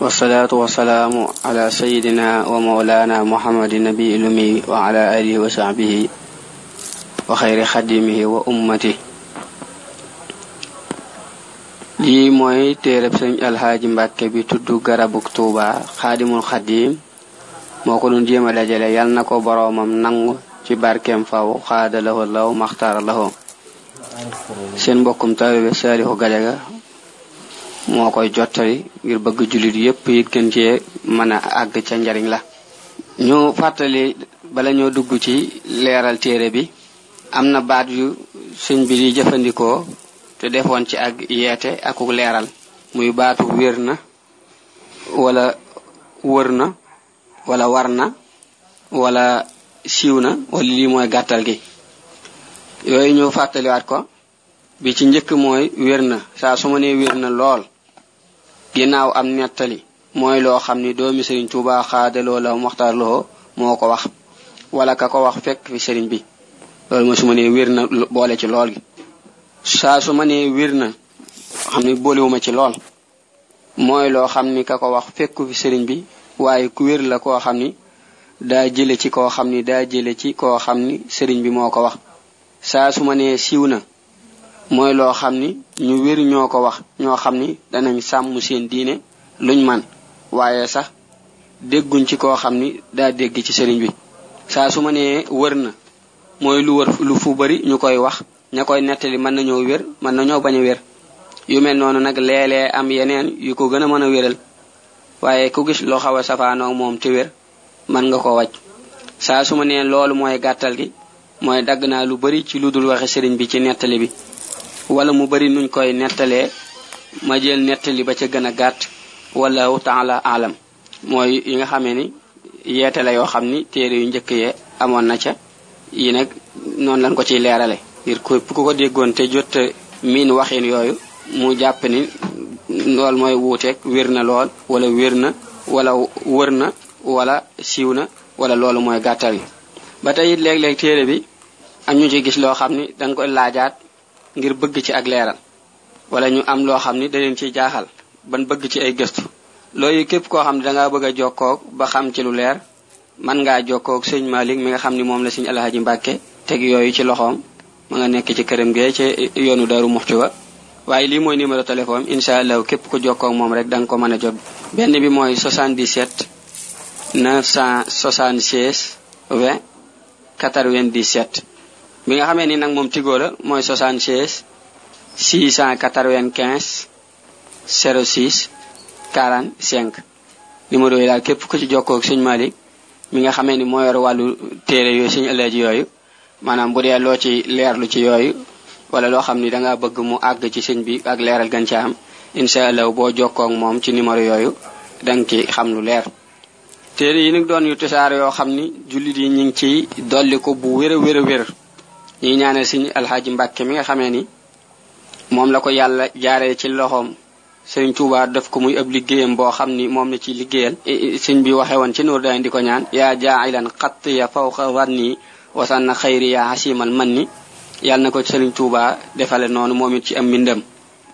والصلاة والسلام على سيدنا ومولانا محمد النبي الأمي وعلى آله وصحبه وخير خدمه وأمته لي موي تيرب سن الحاج مباكي بي تدو غرب اكتوبا خادم الخديم موكو نون ديما داجالا يال نكو بروامم نانغ سي باركيم فاو خاد له الله مختار له سن بوكم تاوي سالي هو غاجا moo koy jottali ngir bëgg jullit yépp yi gën cee mën a àgg ca njariñ la ñu fàttali bala ñoo dugg ci leeral téere bi am na baat yu sëñ bi di jëfandikoo te defoon ci ak yeete akuk leeral muy baatu wér na wala wër na wala war na wala siiw na wala lii mooy gàttal gi yooyu ñu fàttaliwaat ko bi ci njëkk mooy wér na saa su ma nee wér na lool ginnaaw am nettali mooy loo xam ni doomi sëriñ Tuuba xaadaloo la Muxtaar Lo moo ko wax wala ka ko wax fekk fi sëriñ bi loolu mooy su ma nee wér na boole ci lool gi saa su ma nee wér na xam ni boolewuma ci lool mooy loo xam ni ka ko wax fekku fi sëriñ bi waaye ku wér la koo xam ni daa jële ci koo xam ni daa jële ci koo xam ni sëriñ bi moo ko wax saa su ma nee siiw na mooy loo xam ni ñu wér ñoo ko wax ñoo xam ni danañ sàmm seen diine luñ man waaye sax dégguñ ci koo xam ni daa dégg ci sëriñ bi saa su ma nee wër na mooy lu wër lu fu bari ñu koy wax ña koy nettali mën nañoo wér mën nañoo bañ a wér yu mel noonu nag léeg am yeneen yu ko gën a mën a wéral waaye ku gis loo xaw a safaanoog moom te wér mën nga ko wàcc saa su ma nee loolu mooy gàttal gi mooy dagg naa lu bari ci lu dul waxe sëriñ bi ci nettali bi wala mu bari nuñ koy nettalee ma jël nettali ba ca gën a gàtt wallahu taala alam mooy yi nga xamee ni yeete la yoo xam ni téere yu njëkk yee amoon na ca yi nag noonu lañ ko ciy leerale ngir ku ko déggoon te jot miin waxin yooyu mu jàpp ni lool mooy wuuteeg wér na lool wala wér na wala wër na wala siiw na wala loolu mooy gàttal yi ba tey it léeg téere bi am ñu ci gis loo xam ni danga koy laajaat ngir bëgg ci ak leeral wala ñu am loo xam ni da leen ci jaaxal ban bëgg ci ay gëstu loolu képp koo xam ne da ngaa bëgg a jokkoog ba xam ci lu leer man ngaa jokkoog sëñ malik mi nga xam ni moom la sëñ alhaji mbàkke teg yooyu ci loxoom ma nga nekk ci këram gee ci yoonu daru muxti wa waaye lii mooy numéro téléphone insha allahu képp ku jokkoog moom rek da nga ko mën a jot benn bi mooy 77 976 20 97 bi nga xamee ni nag moom tigo la mooy 76 695 06 45 numéro yi daal képp ku ci jokkoo ak sëñ Malick mi nga xamee ni moo yor wàllu téere yooyu yooyu maanaam bu dee loo ci leerlu ci yooyu wala loo xam ni da nga leeral gan am allah boo jokkoo moom ci numéro yooyu lu leer téere yi nag doon yu yoo xam ni jullit yi ñu ngi ko bu wér a wér ñuy ñaanal suñu alxaaji mbakke mi nga xamee ni moom la ko yàlla jaaree ci loxoom sëriñ Tuubaa def ko muy ab liggéeyam boo xam ni moom la ci liggéeyal sëñ bi waxe woon ci nuur dañ di ko ñaan yaa jaailan xatt ya fawqa warni wasanna xayri yaa xasimal man ni yàlla na ko sëriñ Tuubaa defale noonu moom it ci am mbindam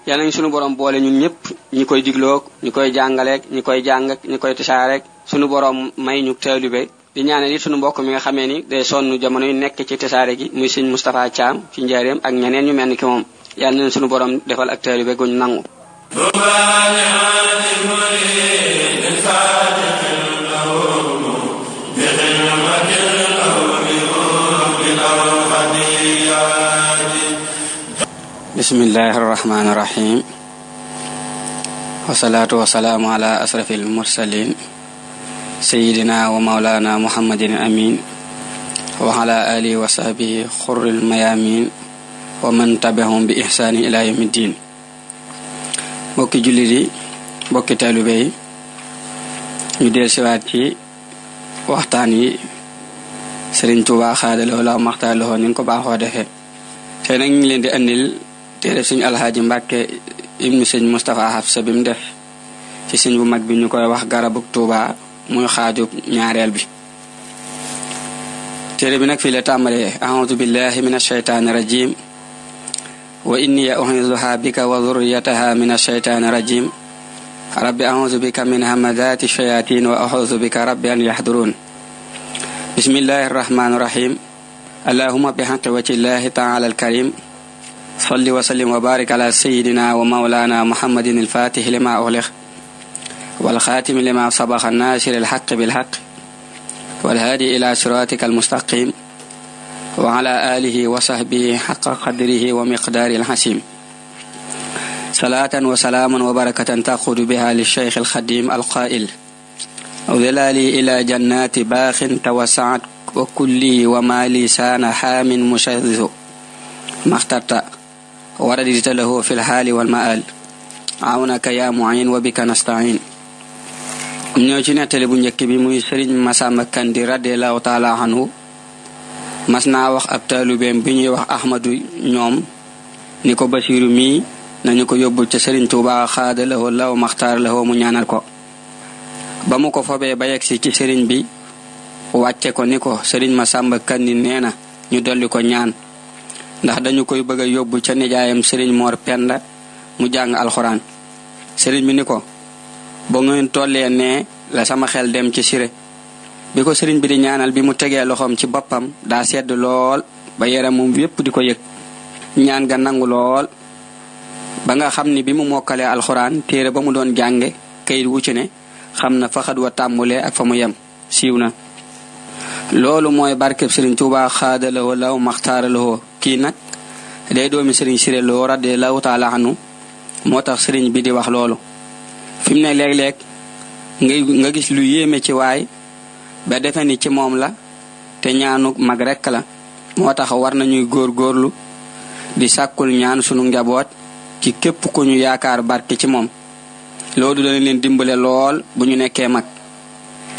yàlla nañ sunu borom boole ñun ñëpp ñi koy digloog ñi koy jàngaleeg ñi koy jàng ñi koy tasaareeg sunu borom may ñu taalibe di ñaanal it sunu mbokk mi nga xamee ni day sonn jamono yu nekk ci tasaare gi muy sëñ mustapha Thiam ci njaareem ak ñeneen ñu mel ni ki moom yàlla neen sunu borom defal ak taalibe guñ nangu بسم الله الرحمن الرحيم والصلاة والسلام على أشرف المرسلين سيدنا ومولانا محمد الأمين وعلى آله وصحبه خر الميامين ومن تبعهم بإحسان إلى يوم الدين بوكي جلدي بوكي تالوبي يدير سواتي وقتاني سرين توبا خاد لولا ومقتا لهون ينكو باقو دهي تينا نجلين دي أنيل تيري سنج الهاجي مباك ابن سنج مصطفى حفصة بمده سنج بمك بنيكو يوح غارة بوك muy xaajub ñaareel bi téere bi nag fii la tàmbalee aoudu billahi min alcheytaani rajim wa inni uhizuha bika wa zurriyataha min alcheytaani rajim rabbi aoudu bika min hamadati shayatin wa aoudu bika rabbi an yahdurun bismillahi arrahmani irrahim allahuma bihaqi wajhi llahi taala alkarim صل وسلم وبارك على سيدنا ومولانا محمد الفاتح لما أغلق والخاتم لما سبق الناس الحق بالحق والهادي إلى صراطك المستقيم وعلى آله وصحبه حق قدره ومقدار الحسيم صلاة وسلاما وبركة تأخذ بها للشيخ الخديم القائل ظلالي إلى جنات باخ توسعت وكلي ومالي سان حام مشذ ما اخترت ورددت له في الحال والمآل عونك يا معين وبك نستعين ñëw ci nettali bu njëkk bi muy sëriñ Masamba Kandi radiallahu taala anhu mas naa wax ab taalubeem bi ñuy wax ahmadu ñoom ni ko basiiru mii nañu ko yóbbul ca sëriñ Tuubaa xaada lawo ko ba mu ko fobee ba yegsi ci sëriñ bi wàcce ko ni ko sëriñ ma Masamba Kandi nee na ñu dolli ko ñaan ndax dañu koy bëgg a yóbbu ca nijaayam sëriñ Moor Penda mu jàng alxuraan sëriñ bi ni ko ba ngeen tollee nee la sama xel dem ci siré bi ko sëriñ bi di ñaanal bi mu tegee loxoom ci boppam daa sedd lool ba mu yépp di ko yëg ñaan ga nangu lool ba nga xam ni bi mu mokkalee alxuraan téere ba mu doon jànge kayit wu ci ne xam na faxat wa tàmmulee ak fa mu yem siiw na loolu mooy barkeb sëriñ Tuubaa xaadalawoo law maxtaaralawoo kii nag day doomi sëriñ Siré Lo radiyallahu taala anhu moo tax sëriñ bi di wax loolu fi mu ne léeg-léeg nga gis lu yéeme ci waay ba defe ni ci moom la te ñaanug mag rekk la moo tax war nañuy góor-góorlu di sàkkul ñaan sunu njaboot ci képp ku ñu yaakaar barke ci moom loolu dana leen dimbale lool bu ñu nekkee mag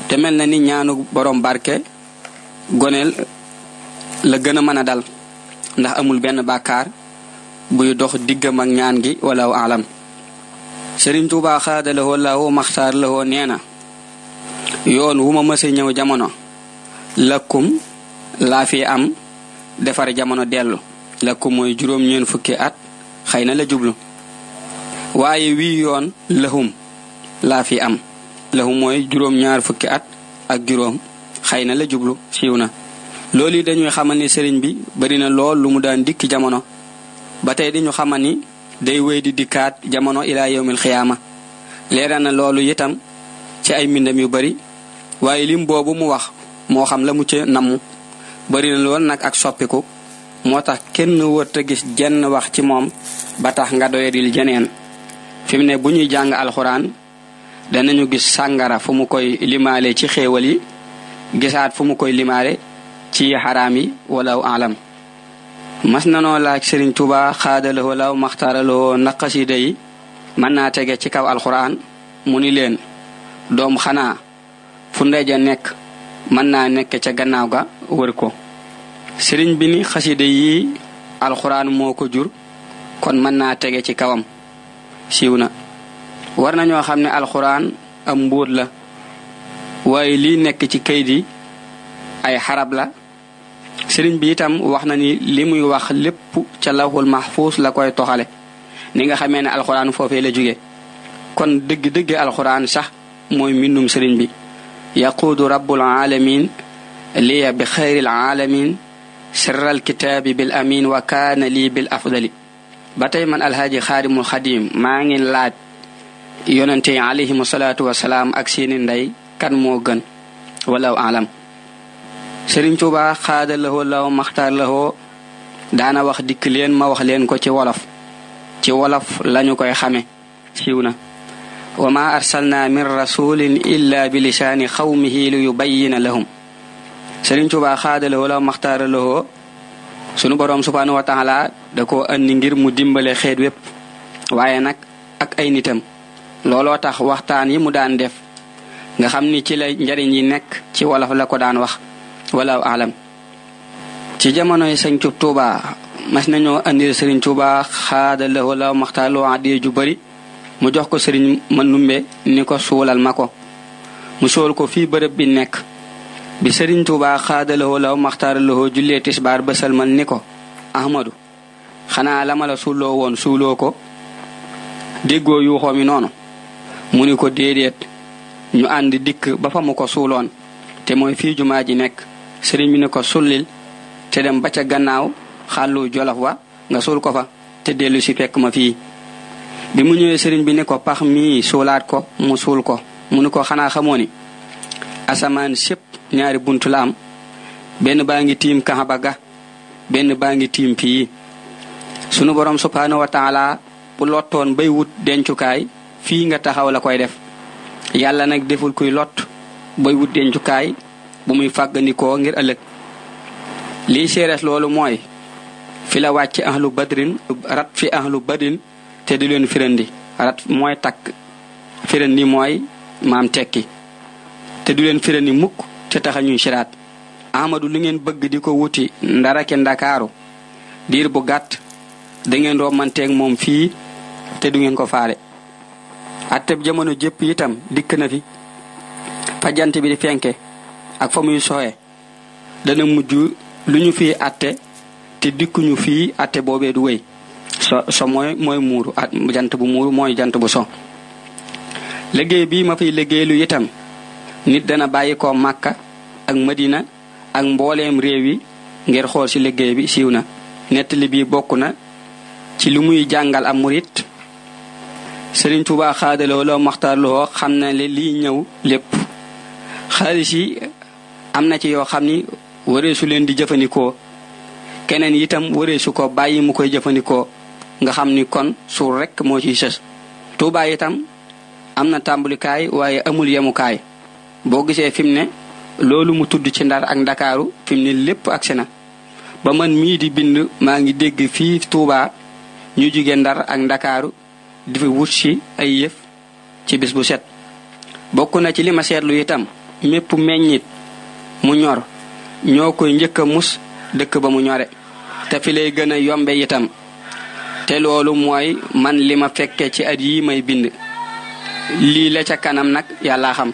te mel na ni ñaanu boroom barke goneel la gën a mën a dal ndax amul benn bàkkaar buy dox diggam ak ñaan gi walla alam sëriñ tuuba xaada lahoo laahu maxtaar lahoo nee na yoon wu ma mësa ñëw jamono lakkum laa fi am defar jamono dellu lakkum mooy juróom ñeen fukki at xëy na la jublu waaye wii yoon lahum laa fi am lahum mooy juróom fukki at ak juróom xëy na la jublu siiw na loolu yi dañuy xamal sëriñ bi bari na lool lu mu daan dikk jamono ba di ñu xamal day wéy di dikkaat jamono ilaa yawmil xiyaama leeral loolu itam ci ay mbindam yu bari waaye lim boobu mu wax moo xam la mu ca bari na lool nag ak soppiku moo tax kenn wërta gis jenn wax ci moom ba tax nga doyadil jeneen fi mu ne bu ñuy jàng alxuraan danañu gis sàngara fu mu koy limaale ci xéewal yi gisaat fu mu koy limaale ci xaraam yi wala alam mas nanoo laaj Serigne Touba xaadalawoo law maxtaaralawoo na xasida yi mën naa tege ci kaw alxuraan mu ni leen doom xanaa fu ndeja nekk mën naa nekk ca gannaaw ga wër ko sëriñ bi ni xasida yi alxuraan moo ko jur kon mën naa tege ci kawam siiw na war ñoo xam ne alxuraan am mbóot la waaye lii nekk ci kayit yi ay xarab la sëriñ bi itam wax na ni li wax lépp ca lawhul mahfuus la koy toxale ni nga xamee ne alxuraan foofee la jóge kon dëgg-dëgg alxuraan sax mooy mbindum sëriñ bi yaquudu rabbul alamin liya bi xayril alamin sirral kitaabi bil amin wa lii bil afdali ba tey man alhaaji xaarimul xadim maa ngi laaj yonente yi alayhimu ak seeni ndey kan moo gën walaw Sëriñ Tuubaa xaada lahoo law maxtaar lahoo daana wax dikk leen ma wax leen ko ci wolof ci wolof lañu koy xame siiw na wa ma arsalna min rasulin illa bi lisaani xawmihi li yubayyina lahum Sëriñ Tuubaa xaada lahoo law maxtaar lahoo sunu boroom subhaanahu wa taala da ko andi ngir mu dimbale xeet wépp waaye nag ak ay nitam looloo tax waxtaan yi mu daan def nga xam ni ci la njariñ yi nekk ci wolof la ko daan wax walaaw alam ci jamonoy sëñ Tub Tuuba mas nañoo andil sëriñ Tuuba xaada la wala maxtaaloo addiye ju bari mu jox ko sëriñ Mandumbe ni ko suulal ma ko mu sool ko fii bërëb bi nekk bi sëriñ Tuuba xaada la wala maxtaara lahoo jullee tisbaar ba salmal ni ko Ahmadu xanaa lama la suuloo woon suuloo ko déggoo yuuxoo mi noonu mu ni ko déedéet ñu ànd dikk ba fa mu ko suuloon te mooy fi jumaa ji nekk sëriñ bi ne ko sullil te dem ba ca gannaaw xàllu jolof wa nga suul ko fa te dellu si fekk ma fii bi mu ñëwee sëriñ bi ne ko pax mii suulaat ko mu suul ko mu ne ko xanaa xamoo ni asamaan sépp ñaari bunt la benn baa ngi tiim kaaba ga benn baa ngi tiim fii sunu borom subhaanahu wa taala bu lottoon dencukaay fii nga taxaw la koy def yàlla nag deful kuy lot bay wut dencukaay bu muy fàggandikoo ngir ëllëg lii séerees loolu mooy fi la wàcc ahlu badrin rat fi ahlu badrin te di leen firandi rat mooy tak firandi mooy maam tekki te du leen firandi mukk te taxa ñuy siraat ahmadu li ngeen bëgg di ko wuti ndarake ndakaaru diir bu gàtt da ngeen romanteeg moom fii te du ngeen ko faale atteb jamono jépp itam dikk na fi fajant bi di fenke ak fa muy soxe dana mujj lu ñu fi atte te dikkuñu fii atte boobee du wéy so so mooy mooy ak jant bu muuru mooy jant bu so liggéey bi ma fiy liggéey lu itam nit dana bàyyi ko Màkka ak Madina ak mbooleem réew yi ngir xool ci liggéey bi siiw na nettali bi bokk na ci lu muy jàngal am murit Sëriñ Tuubaa xaadaloo loo maxtaarloo xam na li ñëw lépp xaalis am na ci yoo xam ni wareesu leen di jëfandikoo keneen itam wareesu ko bàyyi mu koy jëfandikoo nga xam ni kon suur rekk moo ci sës tuubaa itam am na tàmbalikaay waaye amul yemukaay boo gisee fi mu ne loolu mu tudd ci ndar ak ndakaaru fi mu lépp agsi na ba man mii di bind maa ngi dégg fii tuubaa ñu jóge ndar ak ndakaaru di fi wut si ay yëf ci bis bu set bokk na ci li seetlu itam mépp meññit mu ñor ñoo koy njëkk a mus dëkk ba mu ñore te lay gën a yombe itam te loolu mooy man li ma fekke ci at yi may bind lii la ca kanam nag yàlla xam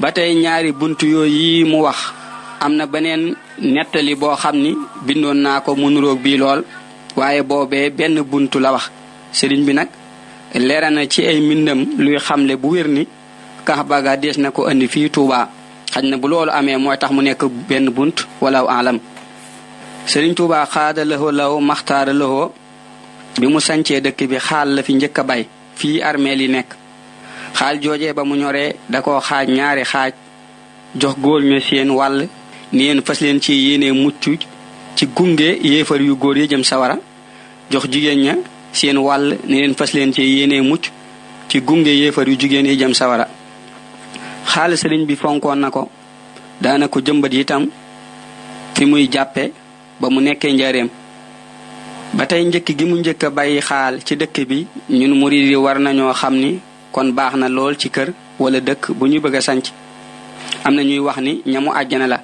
ba tey ñaari bunt yooyu mu wax am na beneen nettali boo xam ni bindoon naa ko mu nuroog bii lool waaye boobee benn bunt la wax sëriñ bi nag leera na ci ay mbindam luy xamle bu wér ni kax baga dees na ko indi fii Tuubaa xaj na bu loolu amee mooy tax mu nekk benn bunt walaw alam Sëriñ Tuubaa xaada laxoo law maxtaara laxoo bi mu sancee dëkk bi xaal la fi njëkk a bay fii armeel yi nekk xaal joojee ba mu ñoree da ko xaaj ñaari xaaj jox góor ña seen wàll ni yéen fas leen ci yéenee mucc ci gunge yéefar yu góor yi jëm sawara jox jigéen ña seen wàll ni leen fas leen ci yenee mucc ci gunge yéefar yu jigéen yi jëm sawara xaalis sëriñ bi fonkoon na ko daana ko yi tam fi muy jàppe ba mu nekkee njareem ba tey njëkk gi mu njëkk a bàyyi xaal ci dëkk bi ñun murid yi war nañoo xam ni kon baax na lool ci kër wala dëkk bu ñu bëgg a sanc am na ñuy wax ni ñamu àjjana la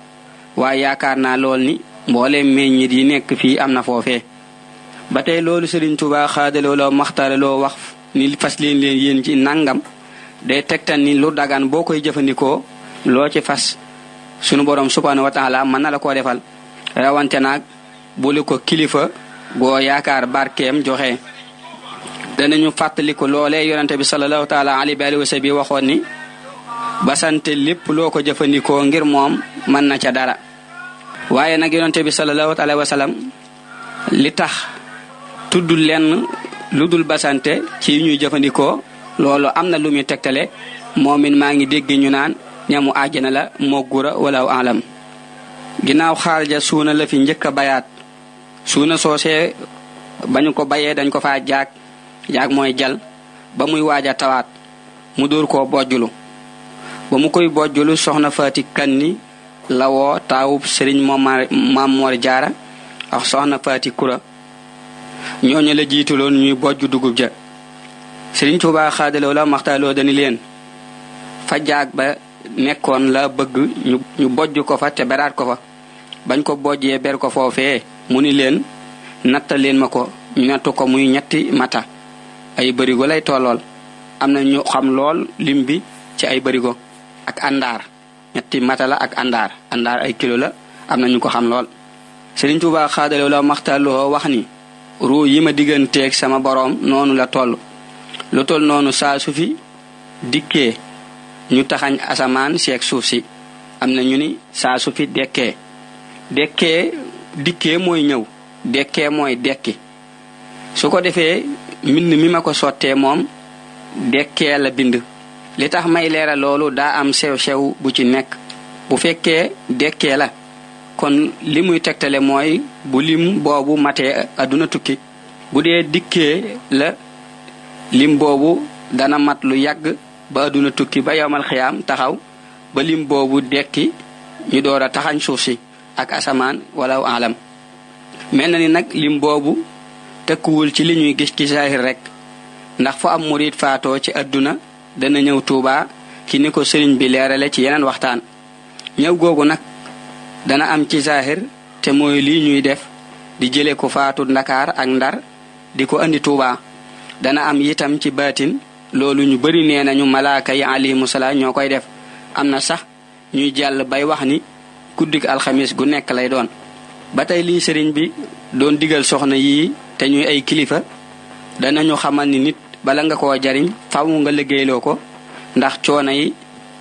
waaye yaakaar naa lool ni mbooleem meññiit yi nekk fii am na foofee ba tey loolu Sëriñ Tuubaa xaadaloo loo wax ni fas leen leen yéen ci nangam day tegtal ni lu dagan boo koy jëfandikoo loo ci fas sunu borom subhanahu wa taala mën na la koo defal rawante naag buli ko kilifa goo yaakaar barkeem joxe danañu fàttaliku loolee yonente bi salallahu taala ali bi alihi wasa bi waxoon ni basante lépp loo ko jëfandikoo ngir moom mën na ca dara waaye nag yonente bi salallahu taala wa li tax tudd lenn lu dul basante ci ñuy jëfandikoo loolu am na lu muy tegtale moomin maa ngi dégg ñu naan ñamu àjjana la moo gura wala alam ginnaaw xaarja suuna la fi njëkk a bayaat suuna soose ba ñu ko bayee dañ ko fa jaag jaag mooy jal ba muy waaj a tawaat mu dóor ko bojjulu ba mu koy bojjulu soxna Faati Kanni lawoo taawub sëriñ Momar Mamor Jaara ak soxna Faati Kura ñooñu la jiituloon ñuy bojju dugub ja Sëriñ Tuubaa xaadalaw la maxtaaloo dani leen fa jaag ba nekkoon la bëgg ñu bojj ko fa te beraat ko fa bañ ko bojjee ber ko foofee mu ni leen natta leen ma ko ñu ko muy ñetti mata ay bërigo lay tollool am na ñu xam lool lim bi ci ay bërigo ak àndaar ñetti mata la ak andaar àndaar ay kilo la am na ñu ko xam lool Sëriñ Tuubaa xaadalaw la wax ni ruu yi digganteeg sama borom noonu la toll lu tol noonu saa su fi dikkee ñu taxañ asamaan seeg suuf si am na ñu ni saa su dekkee dekkee dikkee mooy ñëw dekkee mooy dekki su ko defee mbind mi ma ko sottee moom dekkee la bind li tax may leeral loolu daa am sew-sew bu ci nekk bu fekkee dekkee la kon li muy tegtale mooy bu lim boobu matee adduna tukki bu dee dikkee la lim boobu dana mat lu yàgg ba adduna tukki ba yowmal xiyaam taxaw ba lim boobu dekki ñu door a taxañ suuf si ak asamaan wala alam mel na ni nag lim boobu tëkkuwul ci li ñuy gis ci saahir rek ndax fu am murit faatoo ci adduna dana ñëw tuubaa ki ni ko sëriñ bi leerale ci yeneen waxtaan ñëw googu nag dana am ci saahir te mooy lii ñuy def di jële ko faatu ndakaar ak ndar di ko indi tuubaa dana am itam ci baatin loolu ñu bari nee nañu malaaka yi alayhimu salaam ñoo koy def am na sax ñuy jàll bay wax ni guddik alxamis gu nekk lay doon ba tey lii sëriñ bi doon digal soxna yii te ñuy ay kilifa danañu xamal ni nit bala nga ko jariñ faw nga liggéeyloo ko ndax coono yi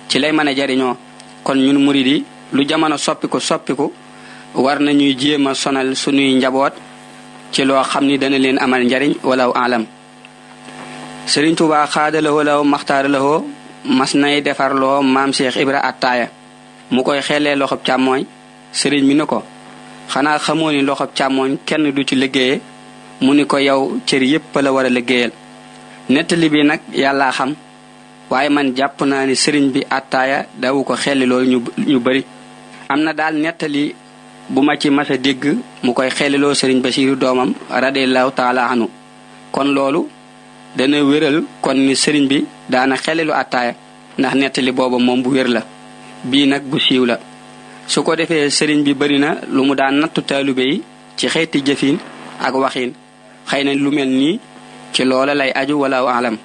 ci lay mën a jariñoo kon ñun murid yi lu jamono soppiku soppiku war nañuy jéem a sonal sunuy njaboot ci loo xam ni dana leen amal njariñ walaw alam Sëriñ Tuubaa xaadalawoo law maxtaaralawoo mas nay defarloo maam Cheikh Ibra attaaya mu koy xelee loxob càmmooñ sëriñ bi ni ko xanaa xamoo ni loxob càmmooñ kenn du ci liggéeye mu ni ko yow cër yépp la war a liggéeyal nettali bi nag yàlla xam waaye man jàpp naa ni sëriñ bi attaaya dawu ko xelli ñu bari am na daal nettali bu ma ci mas a dégg mu koy xelliloo sëriñ Basiiru doomam radiyallahu taala kon loolu dana wéral kon ni sëriñ bi daana xelelu attaaya ndax nettali booba moom bu wér la bii nag bu siiw la su ko defee sëriñ bi bari na lu mu daan nattu taalibe yi ci xeeti jëfin ak waxin xëy na lu mel nii ci loola lay aju wala alam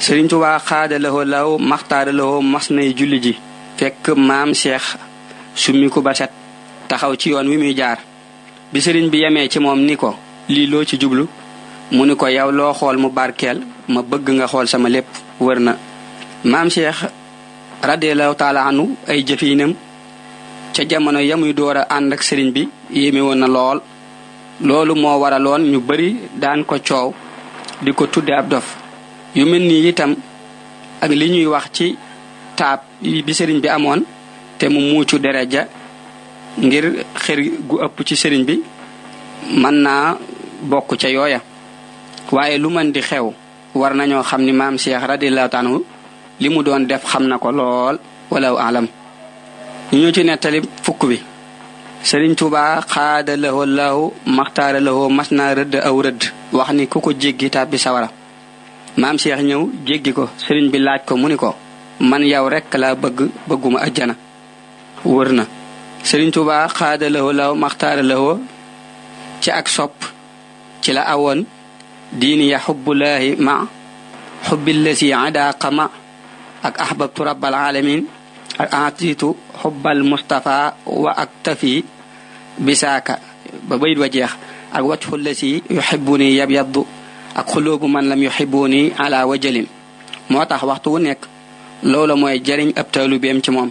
sëriñ Tuubaa xaadalawoo law maxtaaralawoo mas nay julli ji fekk maam Cheikh summi ku ba set taxaw ci yoon wi muy jaar bi sëriñ bi yemee ci moom ni ko lii loo ci jublu mu ni ko yow loo xool mu barkeel ma bëgg nga xool sama lépp wër na maam cheikh radiallahu taala anu ay jëfinam ca jamono yamuy door a ànd ak sëriñ bi yéeme woon na lool loolu moo waraloon ñu bari daan ko coow di ko tudde ab dof yu mel nii itam ak li ñuy wax ci taab bi sëriñ bi amoon te mu muucu dereja ngir xër gu ëpp ci sëriñ bi mën naa bokk ca yooya waaye lu man di xew war nañoo xam ni maam Cheikh radiyallahu anhu li mu doon def xam na ko lool walaw alam ñu ñu ci nettali fukk bi sëriñ Tuuba xaada lahoo laahu maxtaara lahoo mas naa rëdd aw rëdd wax ni ku ko jéggi ñëw jéggi ko sëriñ bi laaj ko mu ni ko man yow rekk laa bëgg bëgguma ajjana wër na sëriñ Tuuba xaada lahoo maxtaara lahoo ci ak sopp ci la awoon دين يحب الله مع حب الذي عدا قمع أك أحببت رب العالمين أعطيت حب المصطفى وأكتفي بساك ببيد وجه الوجه الذي يحبني يبيض أقلوب من لم يحبوني على وجل موتاح وقتو نيك لولا موي جارين ابتالو بيم تي موم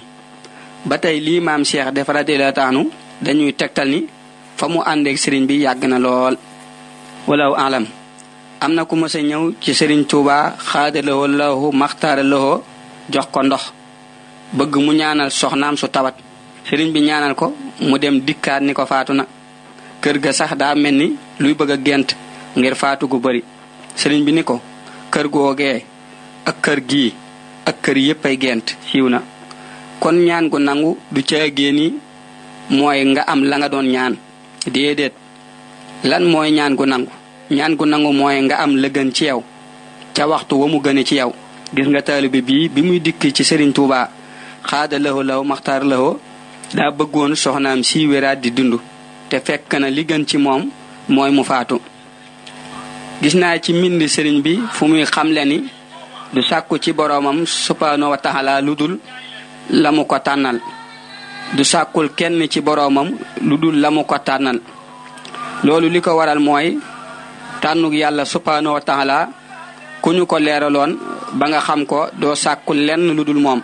باتاي لي مام شيخ ديف رادي لا تانو دانيو تكتالني فمو اندك سيرين بي ياغنا لول ولو اعلم am na ku mës a ñëw ci sëriñ Tuuba xaadalawoo lawu maxtaara lawoo jox ko ndox bëgg mu ñaanal soxnaam su tawat sëriñ bi ñaanal ko mu dem dikkaat ni ko faatu na kër ga sax daa mel ni luy bëgg a gént ngir faatu gu bari sëriñ bi ni ko kër googee ak kër gii ak kër yéppay gént siiw na kon ñaan gu nangu du caagée ni mooy nga am la nga doon ñaan déedéet lan mooy ñaan gu nangu ñaan gu nangu mooy nga am la gën ci yaw ca waxtu wa mu gën ci yow gis nga taalibe bii bi muy dikk ci sëriñ tuuba xaada lawo law maxtaar lawo daa bëggoon soxnaam si di dund te fekk na li gën ci moom mooy mu faatu gis naa ci mbind sëriñ bi fu muy xamle ni du sàkku ci boroomam subhaanahu wa lu dul la mu ko tànnal du sàkkul kenn ci boroomam lu dul la mu ko tànnal loolu li ko waral mooy tànnug yàlla subhaanahu wa taala ku ñu ko leeraloon ba nga xam ko doo sàkkul lenn lu dul moom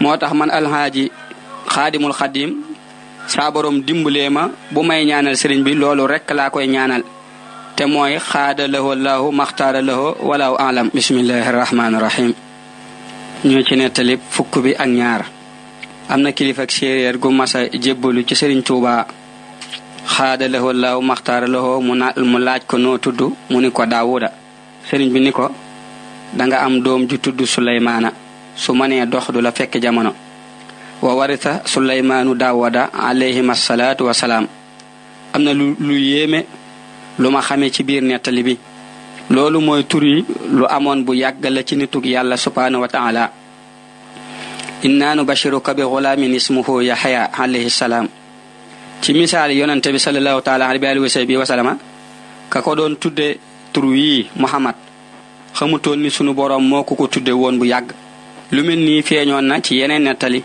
moo tax man alhaaji xaadimul xadim saa borom ma bu may ñaanal sëriñ bi loolu rekk laa koy ñaanal te mooy xaada lahoo laahu maxtaara lahoo walaahu alam bismillahi rahmaani rahim ñoo ci nettali fukk bi ak ñaar am na kilifa ak gu masa jébbalu ci sëriñ Tuubaa xaada lahu laaw maxtaara lahu mu mu laaj ko noo tudd mu ni ko daawuda sëriñ bi ni ko danga am doom ju tudd suleymaana su manee dox du la fekk jamono wa warita suleymaanu daawuda alayhim wasalaam am na lu lu lu ma xamee ci biir nettali bi loolu mooy tur lu amoon bu yàgg la ci tuk yàlla subhaanahu wa taala innaanu bashiruka bi xulaamin ismuhu yaxya alayhi salaam ci misali yonante bi salallahu taala ali bi alihi wasa bi wasalama ka ko doon tudde tur wii mouhamad xamutoon ni sunu borom moo ko ko tudde woon bu yàgg lu mel nii feeñoon na ci yeneen nettali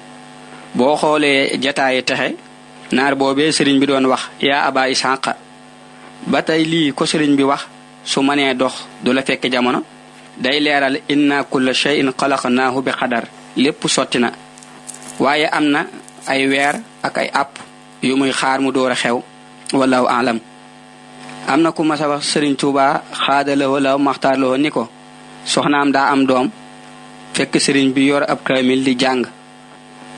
boo xoolee jataayi texe naar boobee sëriñ bi doon wax yaa aba isaaq ba tey lii ko sëriñ bi wax su manee dox du la fekk jamono day leeral inna kulla cheyin xalaqnaahu bi xadar lépp sotti na waaye am na ay weer ak ay àpp yu muy xaar mu door a xew wallahu alam am na ku mas wax Sëriñ Tuuba xaada lawo law ni ko soxnaam daa am doom fekk sëriñ bi yor ab kaamil di jàng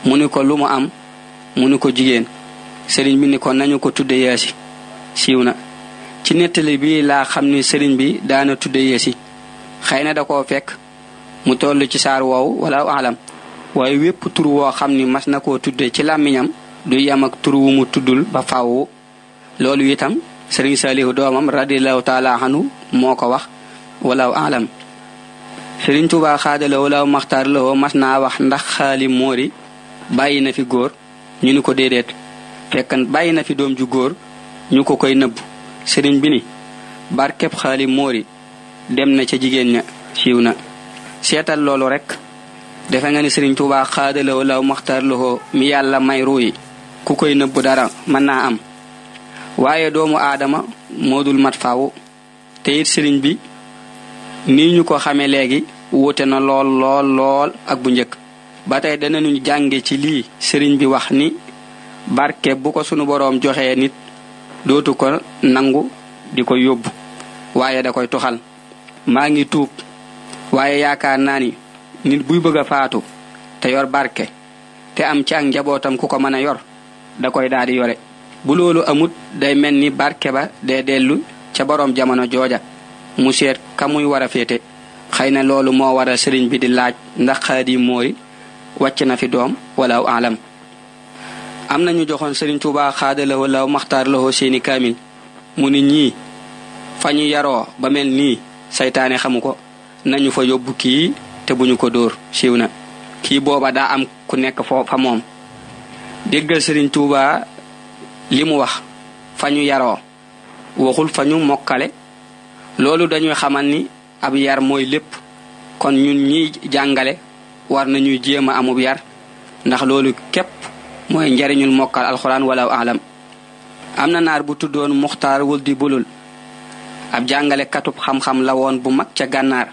mu ni ko lu mu am mu ni ko jigéen sëriñ bi ni ko nañu ko tudde yeesi siiw na ci nettali bi laa xam ni sëriñ bi daana tudde yeesi xëy na da koo fekk mu toll ci saar woowu wala alam waaye wépp tur woo xam ni mas na koo tudde ci làmmiñam du yam ak tur mu tuddul ba faaw loolu itam sëriñ Saalihu doomam radiallahu taala anhu moo ko wax walaaw alam sëriñ Tuubaa xaadaloo walaaw maxtaar loo mas naa wax ndax xaali moori bàyyi na fi góor ñu ni ko déedéet fekk bàyyi na fi doom ju góor ñu ko koy nëbb sëriñ bi ni barkeb xaali moori dem na ca jigéen ña siiw na seetal loolu rekk defe nga ni sëriñ Tuubaa xaadaloo law maxtaar loxo mi yàlla may ruuyi ku koy nëbb dara mën naa am waaye doomu aadama moo dul mat faaw te sëriñ bi ni ñu ko xamee léegi wuute na lool lool lool ak bu njëkk ba tey danañu jànge ci lii sëriñ bi wax ni barke bu ko sunu boroom joxe nit dootu ko nangu di ko yóbbu waaye da koy toxal maa ngi tuub waaye yaakaar naa ni nit buy bëgg a faatu te yor barke te am ci ak njabootam ku ko mën a yor da koy daal di yore bu loolu amut day mel ni barke ba day dellu ca boroom jamono jooja mu seet ka muy war a féete xëy na loolu moo waral sëriñ bi di laaj ndax xaadim moori wàcc na fi doom walaw alam am nañu joxoon sëriñ Tuubaa xaadalawoo law maxtaar lawoo seeni kaamil mu ni ñii fa ñu yaroo ba mel nii seytaane xamu ko nañu fa yóbbu kii te bu ñu ko dóor siiw na kii booba daa am ku nekk foo fa moom déggal sëriñ Tuuba li mu wax fa ñu yaroo waxul fa ñu mokkale loolu dañuy xamal ni ab yar mooy lépp kon ñun ñi jàngale war nañuy jéem a amub yar ndax loolu képp mooy njariñul mokkal alxuraan wala alam am na naar bu tuddoon muxtaar wul bulul ab jàngale katub xam-xam la woon bu mag ca gànnaar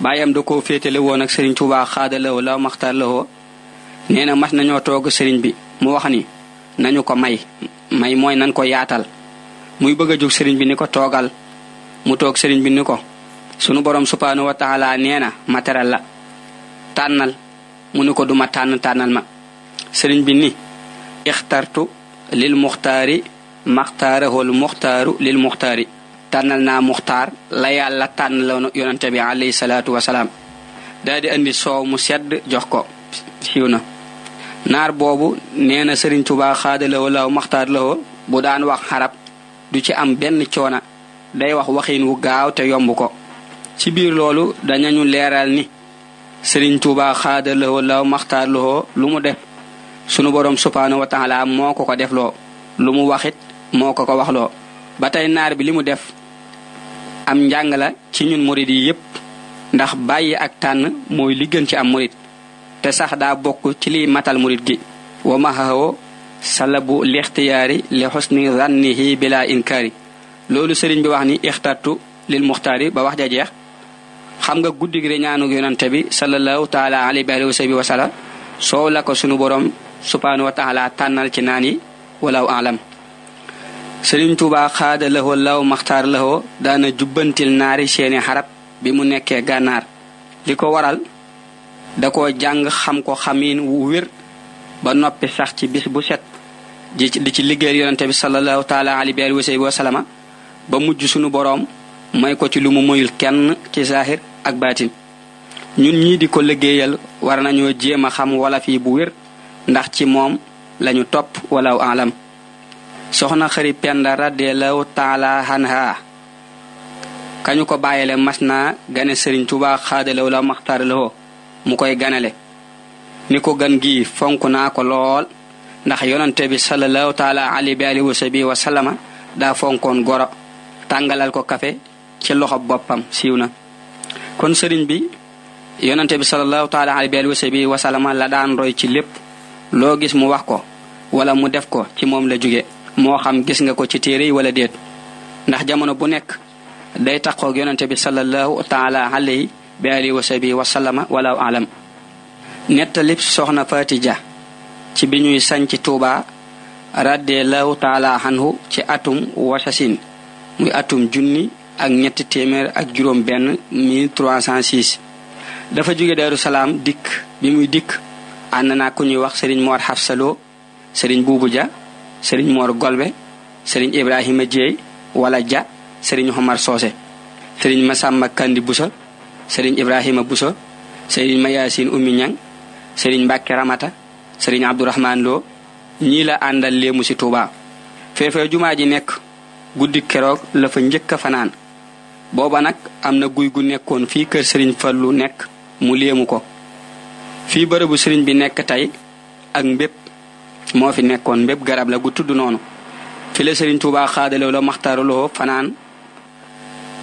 baayam da koo féetale woon ak sëriñ Tuuba xaadalawo law maxtaar lawoo nee na mas nañoo toog sëriñ bi mu wax ni nañu ko may may mooy nan ko yaatal muy bëgg a jóg sëriñ bi ni ko toogal mu toog sëriñ bi ni ko sunu borom subhaanahu wa taala nee na ma la tànnal mu ni ko duma tànn tànnal ma sëriñ bi ni ixtartu lil muxtaari maxtaarahul muxtaaru lil muxtaari tànnal na muxtaar la yàlla tànn la yonante bi alayhi salaatu wasalaam daal di andi soow mu sedd jox ko siiw na naar boobu nee sëriñ tubaa xaadalawo law maxtaar lawoo bu daan wax xarab du ci am benn coona day wax waxin wu gaaw te yomb ko ci biir loolu dañañu leeral ni sëriñ tubaa xaadalawo law maxtaar lawoo lu mu def sunu borom subhaanahu wa moo ko ko defloo lu mu waxit moo ko ko waxloo ba tey naar bi li mu def am njàng la ci ñun morit yi yépp ndax bàyyi ak tànn mooy li gën ci am murid te sax daa bokk ci liy matal murit gi wa mahawoo salabu lixtiyaari li xusni zannihi bila inkaari loolu sëriñ bi wax ni ixtartu lil muxtaari ba wax ja jeex xam nga guddi gi de ñaanu yonante bi sallallahu taala alayhi wa alihi wa sahbihi soow la ko sunu borom subhanahu wa taala tànnal ci naan yi walaw alam sëriñ tuuba xaada lahoo law maxtaar lahoo daana jubbantil naari seeni xarab bi mu nekkee gànnaar li ko waral da koo jàng xam ko xamin wu wér ba noppi sax ci bis bu set ji di ci liggéeyal yonente bi sallallahu taala ali bi wa ba mujj sunu borom may ko ci lu mu moyul kenn ci zahir ak baatin ñun ñii di ko liggéeyal war nañu jéem a xam wala fii bu wér ndax ci moom lañu topp walla alam soxna xëri penda radiallahu taala anha kañu ko bàyyile mas naa gane sëriñ Tuubaa xaadalaw la maxtaaralawoo mu koy ganale ni ko gan gi fonk naa ko lool ndax yonante bi sallallahu taala ali bi ali wasabi wa salama daa fonkoon goro tàngalal ko kafe ci loxo boppam siiw na kon sëriñ bi yonante bi sallallahu taala ali bi ali wasabi wa salama la daan roy ci lépp loo gis mu wax ko wala mu def ko ci moom la jóge moo xam gis nga ko ci téere yi wala déet ndax jamono bu nekk day taxoog yonante bi sallallahu taala alayhi bi ali wa sabi wa sallama wala alam nettalib soxna fatija ci bi sanci touba radde lahu taala hanhu. ci atum wasasin muy atum junni ak ñetti téeméer ak juróom ben 1306 dafa jóge daru salam dik bi muy dik anana ku ñuy wax serigne mor hafsalo serigne ja golbe serigne ibrahima jey wala ja serigne omar soose serigne masamba kandi busa sëriñ Ibrahima Bousso sëriñ Mayasin Oumy Niang sëriñ Mbacke Ramata sëriñ Abdourahman Lo ñii la àndal léemu ci Touba. feefee jumaa ji nekk guddi keroog la fa njëkk a fanaan booba nag am na guy gu nekkoon fii kër sëriñ fa lu nekk mu léemu ko fii barabu sëriñ bi nekk tey ak mbépp moo fi nekkoon mbépp garab la gu tudd noonu fi la sëriñ Touba xaadaloo la maxtaaraloo fanaan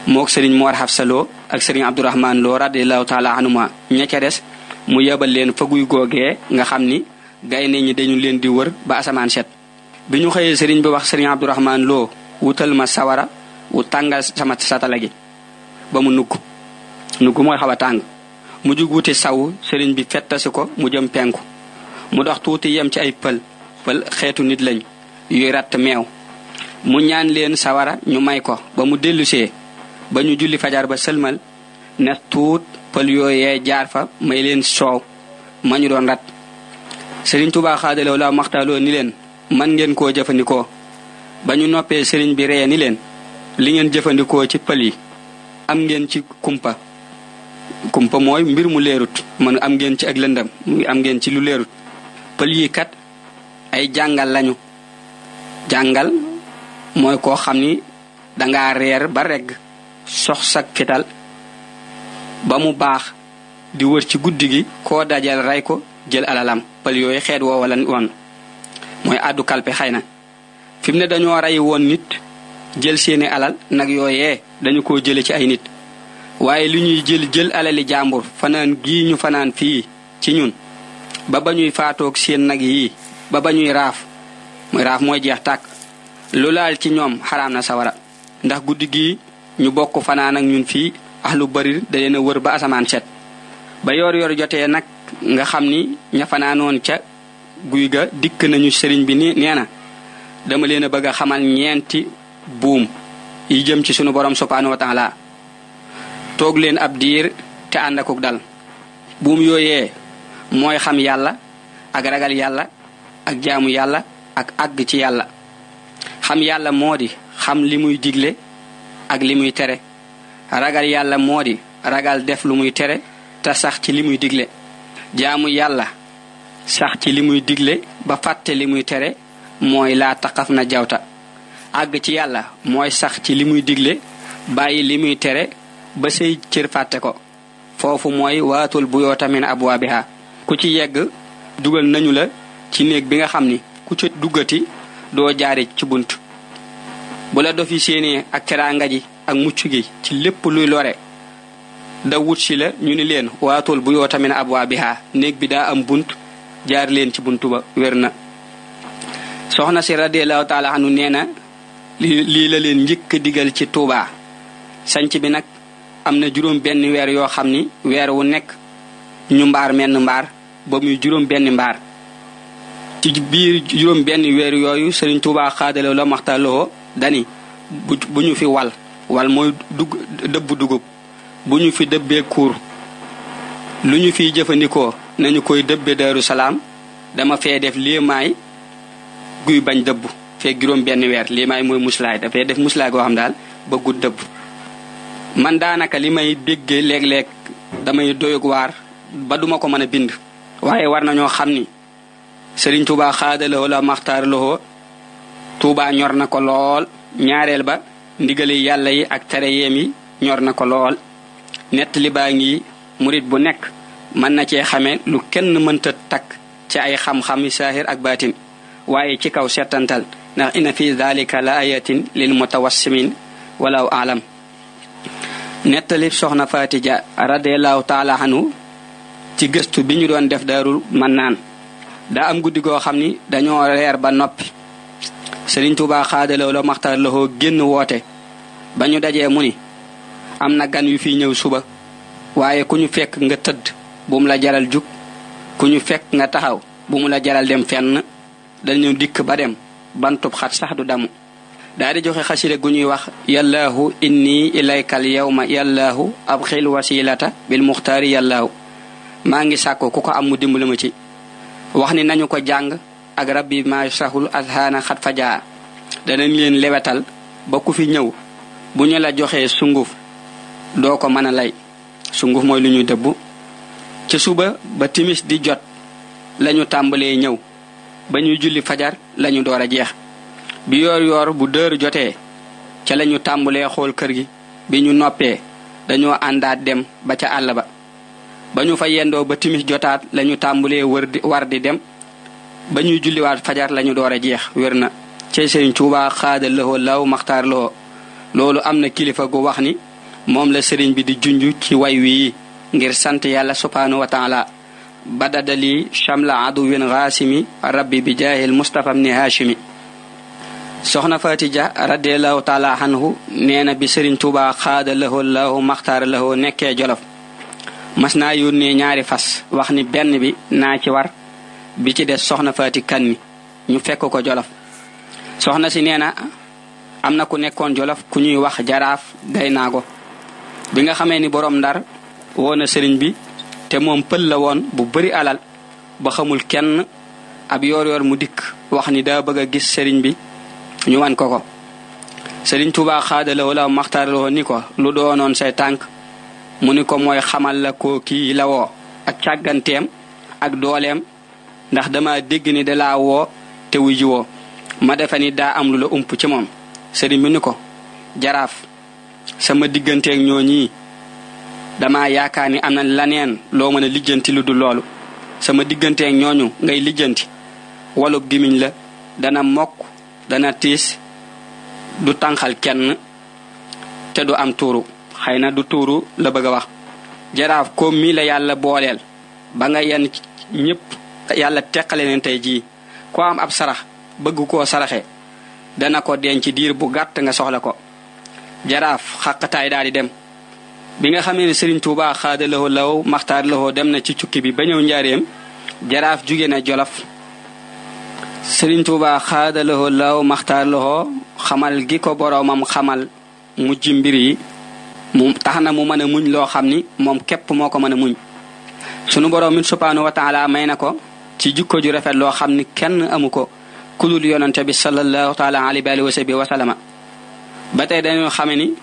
mook sëriñ Mor Hafsaloo ak sëriñ Abdourahman Lo radiallahu taala anuma ña ca des mu yebal leen faguy googee nga xam ni gaynde ñi dañu leen di wër ba asamaan set bi ñu xëyee sëriñ bi wax sëriñ Abdourahman Lo wutal ma sawara wu tànga sama satala gi ba mu nugg nugg mooy xaw a tàng mu jug wuti saw sëriñ bi fettasi ko mu jëm penku mu dox tuuti yem ci ay pël pël xeetu nit lañ yuy ratt meew mu ñaan leen sawara ñu may ko ba mu dellusee ba ñu julli fajar ba sëlmal ne tuut pël yooyee jaar fa may leen soow ma ñu doon rat sëriñ Tuubaa xaadalaw la maxtaaloo ni leen man ngeen koo jëfandikoo ba ñu noppee sëriñ bi reye ni leen li ngeen jëfandikoo ci pël yi am ngeen ci kumpa kumpa mooy mbir mu leerut man am ngeen ci ak lëndam am ngeen ci lu leerut pël yi kat ay jàngal lañu jàngal mooy koo xam ni danga reer ba regg sox sag fital ba mu baax di wër ci guddi gi koo dajal rey ko jël alalam pël yooyu xeet woowa lan woon na fi mu ne dañoo rey woon nit jël seeni alal nag yooyee dañu ko jële ci ay nit waaye li ñuy jël jël alali jàmbur fanaan gii ñu fanaan fii ci ñun ba ba ñuy faatoog seen nag yii ba ba ñuy raaf muy raaf mooy jeex tàkk lu laal ci ñoom xaraam na sawara ndax guddi gii ñu bokk fanaan ak ñun fii ahlu barir da leen a wër ba asamaan set ba yoor yoor jotee nag nga xam ni ña fanaanoon ca guy ga dikk nañu sëriñ bi ni nee na dama leen a bëgg xamal ñeenti buum yi jëm ci sunu borom subhanahu wa toog leen ab diir te ànd akuk dal buum yooyee mooy xam yàlla ak ragal yàlla ak jaamu yàlla ak àgg ci yàlla xam yàlla moo di xam li muy digle ak li muy tere ragal yàlla moo di ragal def lu muy tere te sax ci li muy digle jaamu yàlla sax ci li muy digle ba fàtte li muy tere mooy laa taqaf na jawta àgg ci yàlla mooy sax ci li muy digle bàyyi li muy tere ba say cër fàtte ko foofu mooy waatul buyoota min abwaabiha ku ci yegg dugal nañu la ci néeg bi nga xam ni ku ci duggati doo jaari ci bunt bu la dof yi ak teraanga ji ak mucc gi ci lépp luy lore da wut la ñu ni leen waatul bu yoo tamit ab waa bihaa néeg bi daa am bunt jaar leen ci bunt ba wér na soxna si radiallahu taala anu nee na lii la leen njëkk digal ci Tuubaa sanc bi nag am na juróom benn weer yoo xam ni weer wu nekk ñu mbaar menn mbaar ba muy juróom benn mbaar ci biir juróom benn weer yooyu Sëriñ Tuubaa xaadale la maxtaloo dani bu bu ñu fi wal wal mooy dugg dëbb dugub bu ñu fi dëbbee kuur lu ñu fi jëfandikoo nañu koy dëbbe Daaru Salaam dama fee def liimaay guy bañ dëbb fee juróom benn weer liimaay mooy muslaay dafay def muslaay goo xam daal ba gudd dëbb man daanaka li may déggee léeg-léeg damay doyog waar ba duma ko mën a bind waaye war nañoo xam ni Sëriñ Tuubaa xaadalowoo la maxtaaralowoo tuuba ñor na ko lool ñaareel ba ndigali yàlla yi ak tereyeem yi ñor na ko lool nettali baa ngi murit bu nekk mën na cee xame lu kenn mënta takk ci ay xam-xam saahir ak baatin waaye ci kaw settantal ndax ina fi dhalika la ayatin lil mutawassimin walaw alam nettali soxna fatija radiallahu taala hanu ci gëstu bi ñu doon def daarul mannaan da am guddi goo xam reer ba noppi sëriñ Tuubaa xaadalaw la maxtar génn woote ba ñu dajee mu ni am na gan yu fi ñëw suba waaye ku ñu fekk nga tëdd bu mu la jaral jug ku ñu fekk nga taxaw bu mu la jaral dem fenn dañu dikk ba dem bantub xat sax du damu daa di joxe xasire gu ñuy wax yallaahu inni ilaykal yawma yallaahu ab xil wasilata bil muxtaari yallaahu maa ngi sàkko ku ko am mu dimbali ma ci wax ni nañu ko jàng ak rabbi maa sahul azhaana xat fajaa danañ leen lewetal ba ku fi ñëw bu ñu la joxee sunguf doo ko mën a lay sunguf mooy lu ñu dëbb ca suba ba timis di jot lañu tàmbalee ñëw ba ñu julli fajar lañu door a jeex bi yoor yoor bu dër jotee ca lañu tàmbalee xool kër gi bi ñu noppee dañoo àndaat dem ba ca àll ba ba ñu fa yendoo ba timis jotaat lañu tàmbalee war di dem bañuy ñuy julliwaat fajar lañu door a jeex wér na cey sëriñ Tuubaa xaada lëxoo maxtaar lëxoo loolu am na kilifa gu wax ni moom la sëriñ bi di junj ci way wii ngir sant yàlla subhaanahu wa taala badadali chamla aduwin xaasimi rabbi bi jaahil mustafa ni haashimi soxna Faati Ja radiallahu taala anhu nee na bi sëriñ Tuubaa xaada lëxoo law maxtaar lëxoo nekkee jolof mas naa yónnee ñaari fas wax ni benn bi naa ci war bi ci des soxna faati kan mi ñu fekk ko jolof soxna si nee na am na ku nekkoon jolof ku ñuy wax jaraaf gaynaago bi nga xamee ni boroom ndar woon sëriñ bi te moom pël la woon bu bari alal ba xamul kenn ab yoor yoor mu dikk wax ni daa bëgg a gis sëriñ bi ñu wan ko ko sëriñ Tuubaa xaadala wala maxtaaraloo ni ko lu doonoon say tànk mu ni ko mooy xamal la ko kii lawoo ak càgganteem ak dooleem ndax dama dégg ni dalaa woo te wuy woo ma defe ni daa am lu la ump ci moom sëriñ bi ni ko jaraaf sama digganteeg ñoo ñii dama yaakaar ni am na loo mën a lijjanti lu du loolu sama digganteeg ñooñu ngay lijjanti walub gimiñ la dana mokk dana tiis du tànqal kenn te du am tuuru xëy na du tuuru la bëgg a wax jaraaf ko mii la yàlla booleel ba nga yenn ñépp yàlla teqale leen tey jii ku am ab sarax bëgg koo saraxe dana ko denc diir bu gàtt nga soxla ko jaraaf xaqtaay daal di dem bi nga xamee ne Sëriñ Tuubaa xaada lawo law maxtaar lawo dem na ci cukki bi ba ñëw njaareem jaraaf jóge jolof Sëriñ Tuubaa xaada lawo law maxtaar xamal gi ko boroomam xamal mujj mbir yi mu tax na mu mën a muñ loo xam ni moom képp moo ko mën a muñ sunu boroom it subhaanahu wa taala may na ko ci jikko ju rafet loo xam ni kenn amu ko kudul yonante bi sallallahu taala alayhi wa alihi wa sahbihi wa sallama xame ni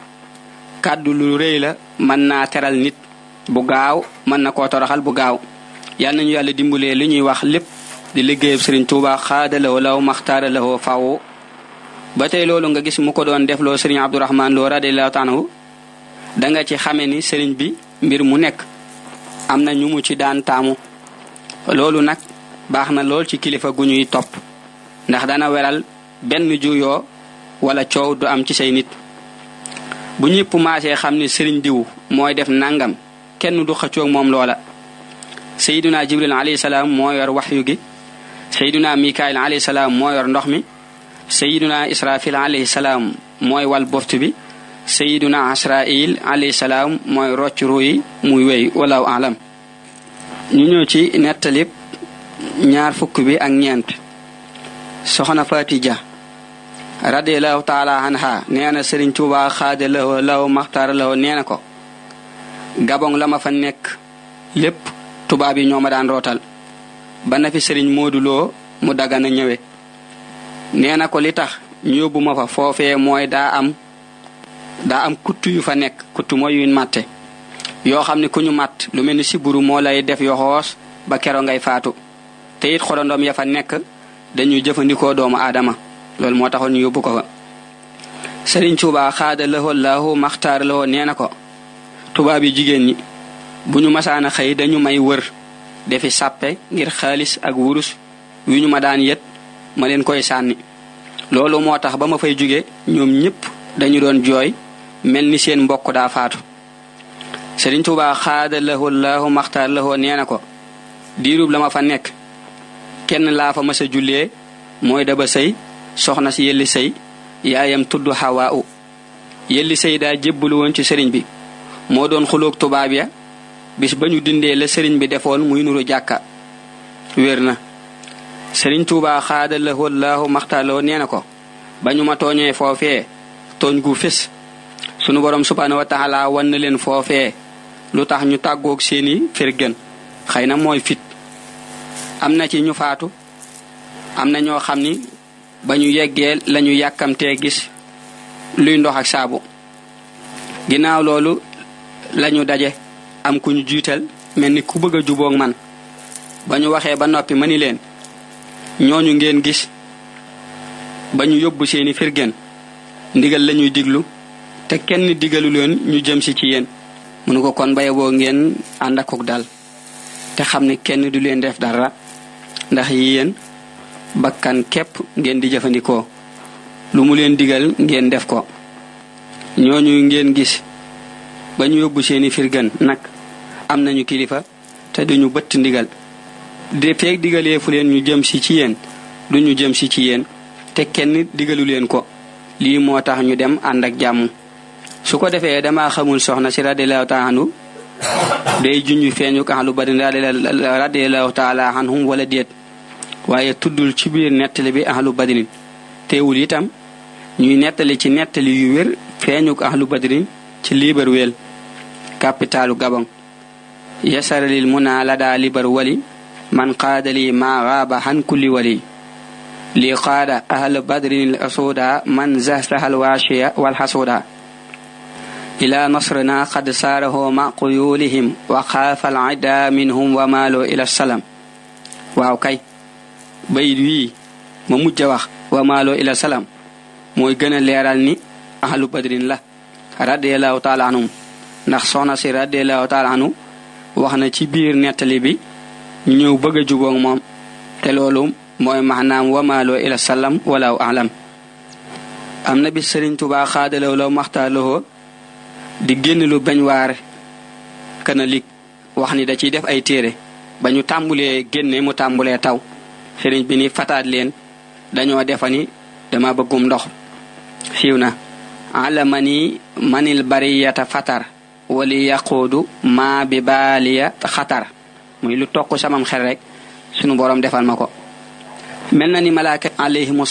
kàddu lu rëy la mën naa teral nit bu gaaw mën na ko toroxal bu gaaw yal nañu yàlla dimbalee li ñuy wax lépp di liggéeyab Serigne Touba xaadalawoo law maxtaaralawoo fawo ba tey loolu nga gis mu ko doon def loo Serigne Abdourahman Lo radiallahu taanahu da ci xame ni sëriñ bi mbir mu nekk am na ñu mu ci daan taamu loolu nag baax na lool ci kilifa gu ñuy topp ndax dana weral benn juyoo wala coow du am ci say nit bu ñëpp maasee xam ni sëriñ diw mooy def nangam kenn du xëccoog moom loola sayduna jibril alayhi salaam moo yor waxyu gi sayduna mikaayil alayhi salaam moo ndox mi sayduna israfil alayhi salaam mooy wal boft bi sayduna asrail alayhi salaam mooy rocc ruuyi muy wéy walaaw alam ñu ci nettalib ñaar fukk bi ak ñeent soxna fati dia radiallahu taala anha nee na sëriñ tuuba xaade lao lao maxtaar lao nee na ko gaboŋ la ma fa nekk lépp tubaa bi ñoo ma daan rootal ba na fi sëriñ moduloo mu dagana ñëwe nee na ko li tax ñu yóbbu ma fa foofee mooy daa am daa am kutt yu fa nekk kutt mooy yuñ matte yoo xam ne ku ñu matt lu mel ni siburu moo lay def yoxoos ba kero ngay faatu te it xolandoom ya fa nekk dañuy jëfandikoo doomu aadama loolu moo taxoon nu yóbbu ko fa Sëriñ Tuubaa xaada lëxoo laahu maxtaar lëxoo nee na ko tubaab yi jigéen ñi bu ñu masaan a xëy dañu may wër sàppe ngir xaalis ak wurus wi ñu ma daan yet ma leen koy sànni loolu moo tax ba ma fay jóge ñoom ñëpp dañu doon jooy mel ni seen mbokk daa faatu Sëriñ Tuubaa xaada nee na ko diirub la ma fa nekk kenn laa fa masa a mooy daba sëy soxna si yelli sëy yaayam tudd xawaa u yelli sëy daa jébbalu woon ci sëriñ bi moo doon xuloog tubaab ya bis ba ñu dindee la sëriñ bi defoon muy nuru jàkka wér na sëriñ tuubaa xaada lahullahu maxtaloo nee na ko ba ñu ma tooñee foofee tooñ gu fés sunu borom subhaanahu wa taala wan leen foofee lu tax ñu tàggoog seeni firgën xëy na mooy fit am na ci ñu faatu am na ñoo xam ni ba ñu yeggee la yàkkamtee gis luy ndox ak saabu ginnaaw loolu lañu daje am ku ñu jiital mel ni ku bëgg a man ba ñu waxee ba noppi ma ni leen ñooñu ngeen gis ba ñu yóbbu seeni firgeen ndigal lañuy diglu te kenn digalu leen ñu jëm si ci yéen munu ko kon baye boo ngeen ànd akuk dal te xam ni kenn du leen def dara ndax yi yéen bakkan képp ngeen di jëfandikoo lu mu leen digal ngeen def ko ñooñu ngeen gis ba ñu yóbbu seeni firgan nag am nañu kilifa te duñu bëtt ndigal de feeg digalee fu leen ñu jëm si ci yéen ñu jëm si ci yéen te kenn digalu leen ko lii moo tax ñu dem ànd ak jàmm su ko defee dama xamul soxna si radiyallahu day junj feeñu kax lu bari radiyallahu taala anhum wala déet waaye tuddul ci biir nettali bi ahlu badrin teewul itam ñuy nettali ci nettali yu wér feeñuk ahlu badrin ci Libreville capitalu Gabon yasaralil muna lada libar wali man qaadali ma gaaba han kulli wali li qaada ahlu badrin asuda man zahsahal waashiya wal hasuda إلى نصرنا قد ساره مع قيولهم وخاف العدا منهم ومالوا إلى السلام واو كاي بيدوي ممجة واخ ومالوا إلى السلام موي جنة أهل بدر لا رضي الله تعالى عنهم نخصونا سي رضي الله تعالى عنهم واخنا تي بير نتالي بي نيو بغا جوغو مام تلولوم موي مهنام ومالوا إلى السلام ولا أعلم أم نبي سرين توبا خادلو مختار له di génn lu bañwaar kanalik wax ni da ciy def ay téere ba ñu tàmbulee génne mu tàmbulee taw sëriñ bi ni fataat leen dañoo defa ni dama bëggum ndox siiw na alamani manil bariyata fatar wali yaquudu maa bi baaliya xatar muy lu tokk samam xel rek sunu boroom defal ma ko mel na ni malaaka alayhimu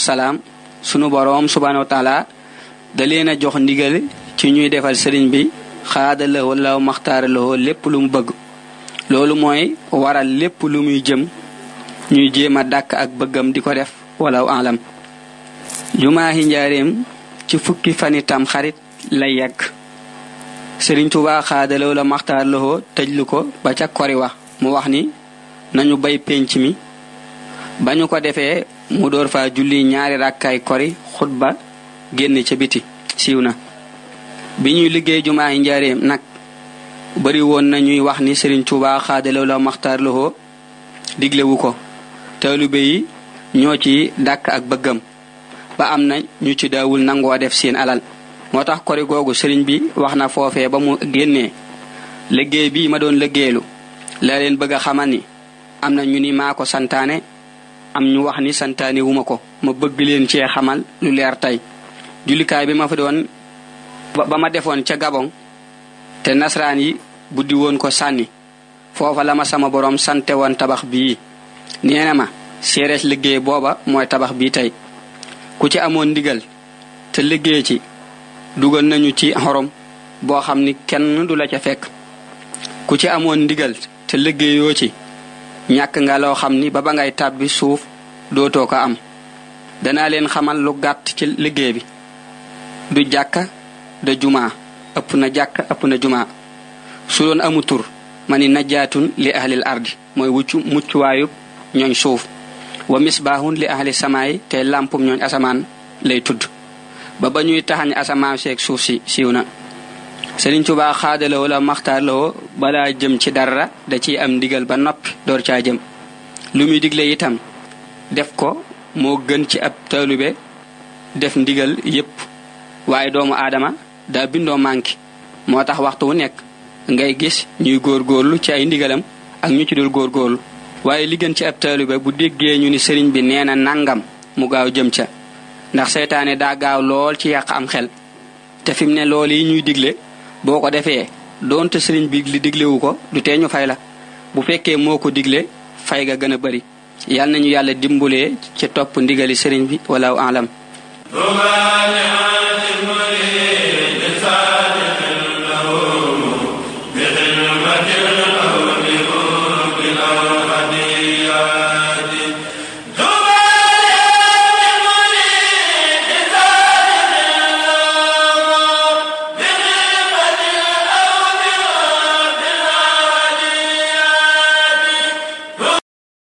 sunu boroom subhanahu wa taala a jox ndigal ci ñuy defal sëriñ bi xaada la wala maxtaara lépp lu mu bëgg loolu mooy waral lépp lu muy jëm ñuy jéem a dàkk ak bëggam di ko def wala alam jumaa yi njaareem ci fukki fani xarit lay yegg sëriñ Tuubaa xaada la wala maxtaara tëjlu ko ba ca kori wa mu wax ni nañu bay pénc mi ba ñu ko defee mu door fa julli ñaari rakkaay kori xutba génn ca biti siiw na bi ñuy liggéey jumaa yi nag bari woon na ñuy wax ni sëriñ Touba xaadalaw la maxtaar diglewu ko taalibe yi ñoo ci dàkk ak bëggam ba am na ñu ci daawul nangoo def seen alal moo tax kori googu sëriñ bi wax na foofe ba mu génnee liggéey bi ma doon liggéeylu laa leen bëgg a xamal ni am na ñu ni maa ko santaane am ñu wax ni santaane ko ma bëgg leen cee xamal lu leer tey jullikaay bi ma fa doon ba ma defoon ca Gabon te nasaraan yi buddi woon ko sànni foofa la ma sama boroom sante woon tabax bii nee ma séeréer liggéey booba mooy tabax bii tey ku ci amoon ndigal te liggéey ci dugal nañu ci xorom boo xam ni kenn du la ca fekk ku ci amoon ndigal te liggéeyoo ci ñàkk nga loo xam ni ba ba ngay tàbbi suuf dootoo ko am dana leen xamal lu gàtt ci liggéey bi du jàkka de jumaa ëpp na jàkk ëpp na jumaa su doon amu mani ma ni li ahlil ardi mooy wuccu muccuwaayub ñooñ suuf wa misbaahun li ahli samaay te làmpum ñooñ asamaan lay tudd ba ba ñuy taxañ asamaan seeg suuf si siiw na Sëriñ Tuubaa xaadalawoo la maxtaarlawoo balaa jëm ci dara da ciy am ndigal ba noppi door caa jëm lu muy digle def ko moo gën ci ab taalube def ndigal yépp waaye doomu aadama daa bindoo manqué moo tax waxtu wu nekk ngay gis ñuy góor góorlu ci ay ndigalam ak ñu ci dul góor góorlu waaye li gën ci ab taalibe bu déggee ñu ni sëriñ bi nee na nangam mu gaaw jëm ca ndax seytaane daa gaaw lool ci yàq am xel te fi ne loolu yi ñuy digle boo ko defee doonte sëriñ bi li diglewu ko du tee ñu fay la bu fekkee moo ko digle fay ga gën a bari yal nañu yàlla dimbulee ci topp ndigali sëriñ bi walla alam